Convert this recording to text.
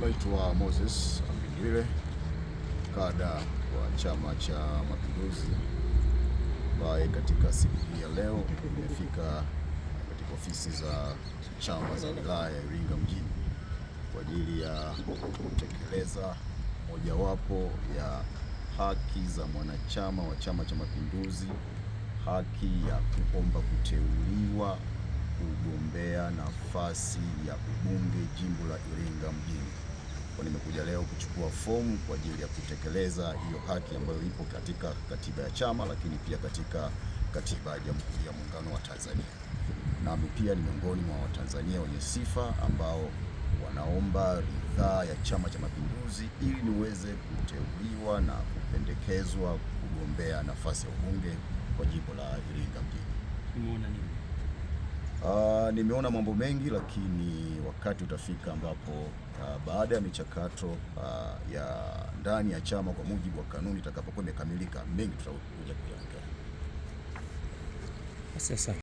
Naitwa Moses Ambindile, kada wa Chama cha Mapinduzi, ambaye katika siku hii ya leo nimefika katika ofisi za chama za wilaya ya Iringa mjini kwa ajili ya kutekeleza mojawapo ya haki za mwanachama wa Chama cha Mapinduzi, haki ya kuomba kuteuliwa kugombea nafasi ya ubunge jimbo la Iringa mjini kwa nimekuja leo kuchukua fomu kwa ajili ya kutekeleza hiyo haki ambayo ipo katika katiba ya chama, lakini pia katika katiba ya Jamhuri ya Muungano wa Tanzania. Nami pia ni miongoni mwa Watanzania wenye sifa ambao wanaomba ridhaa ya Chama cha Mapinduzi ili niweze kuteuliwa na kupendekezwa kugombea nafasi ya ubunge kwa jimbo la Iringa mjini. Ah, nimeona mambo mengi lakini wakati utafika ambapo uh, baada ya michakato uh, ya ndani ya chama kwa mujibu wa kanuni itakapokuwa imekamilika, mengi tutakuja kuyaongea. Asante sana.